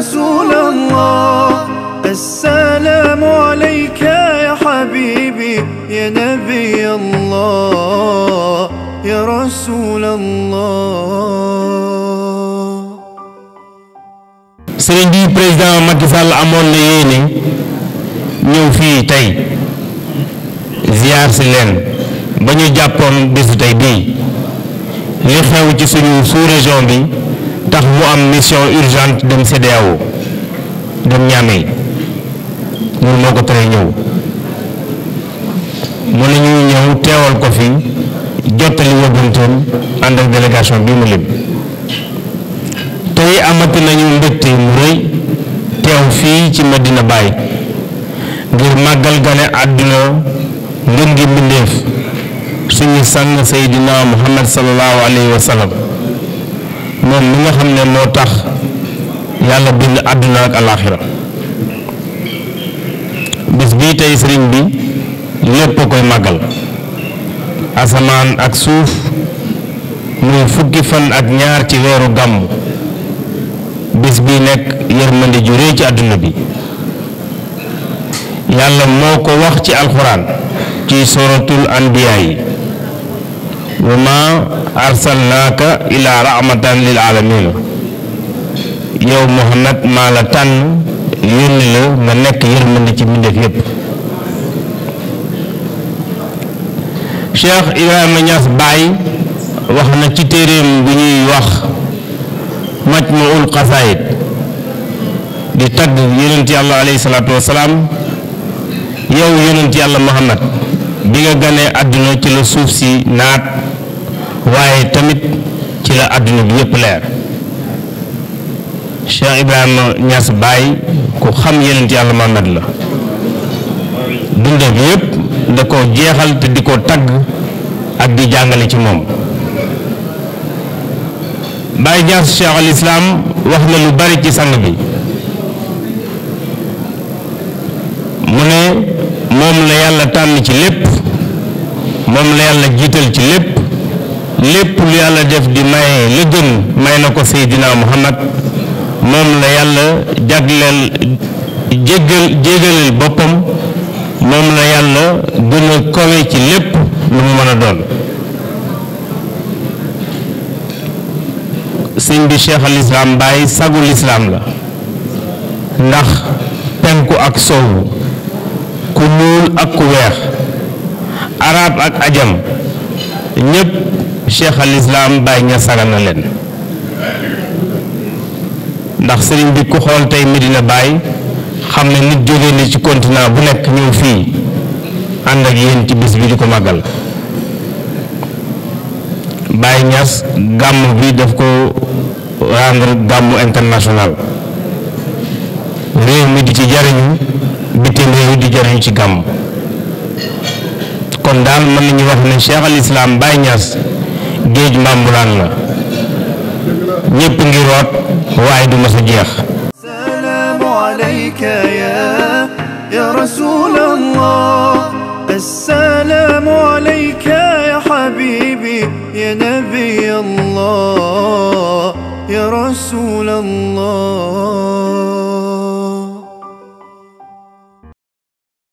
رسول الله السلام عليك يا حبيبي يا نبي الله يا رسول الله سيدي بريزدان مكسال أمون ليني ñew fi tay ziar ci len bañu jappone bisu tay bi li xew ci suñu sous région bi tax mu am mission urgente dem CEDEAO dem Niamey loolu moo ko tere ñëw mu ne ñuy ñëw teewal ko fi jottali yóbbanteem ànd ak délégation bii mu tey amati nañu mbégte mu teew fii ci Medina Baye ngir màggal gane àdduna ngir ngi mbindeef suñu sang Seydina Muhammad sallallahu alayhi wa moom mi nga xam ne moo tax yàlla bind àdduna ak alaaxira bis bii tey sëriñ bi lépp koy màggal asamaan ak suuf muy fukki fan ak ñaar ci weeru gàmm bis bi nekk yërmande ju ci àdduna bi yàlla moo ko wax ci alxuraan ci suratul anbiya yi وما أرسلناك إلى رحمة للعالمين يوم محمد ما لا منك يرمل ما نك يرمل نتي من ديب شيخ إبراهيم نياس باي وخنا سي تيريم بو ني واخ مجموع القصائد دي تاد يونتي الله عليه الصلاه والسلام يوم يونتي الله محمد bi nga ganee àdduna ci la suuf si naat waaye tamit ci la àdduna bi yépp leer Cheikh Ibrahima Niass Baye ku xam yonent yàlla Muhammad la dundam yépp da ko jeexal te di ko tagg ak di jàngale ci moom Baye Niass Cheikh al wax na lu bari ci sang bi moom la yàlla tànn ci lépp moom la yàlla jiital ci lépp lépp lu yàlla def di maye la gën may na ko Seydina Muhammad moom la yàlla jagleel jéggal jéggaleel boppam moom la yàlla gën a kawe ci lépp lu mu mën a doon sëñ bi cheikh al islam la ndax penku ak soowu ku ñuul ak ku weex arab ak ajam ñépp cheikh al islam bàyyi ña na leen ndax sëriñ bi ku xool tey Medina Baye xam ne nit jógee ne ci continent bu nekk ñëw fii ànd ak yéen ci bis bi di ko màggal Baye Niass gàmm bi daf ko rendre gàmmu international réew mi jariñu bitim réew di jariñu ci gàmm kon daal mën nañu wax ne Cheikh al Islam Baye Niass géej Mbambulaan la ñëpp ngi root waaye du mës jeex salaamu alayka ya ya habibi allah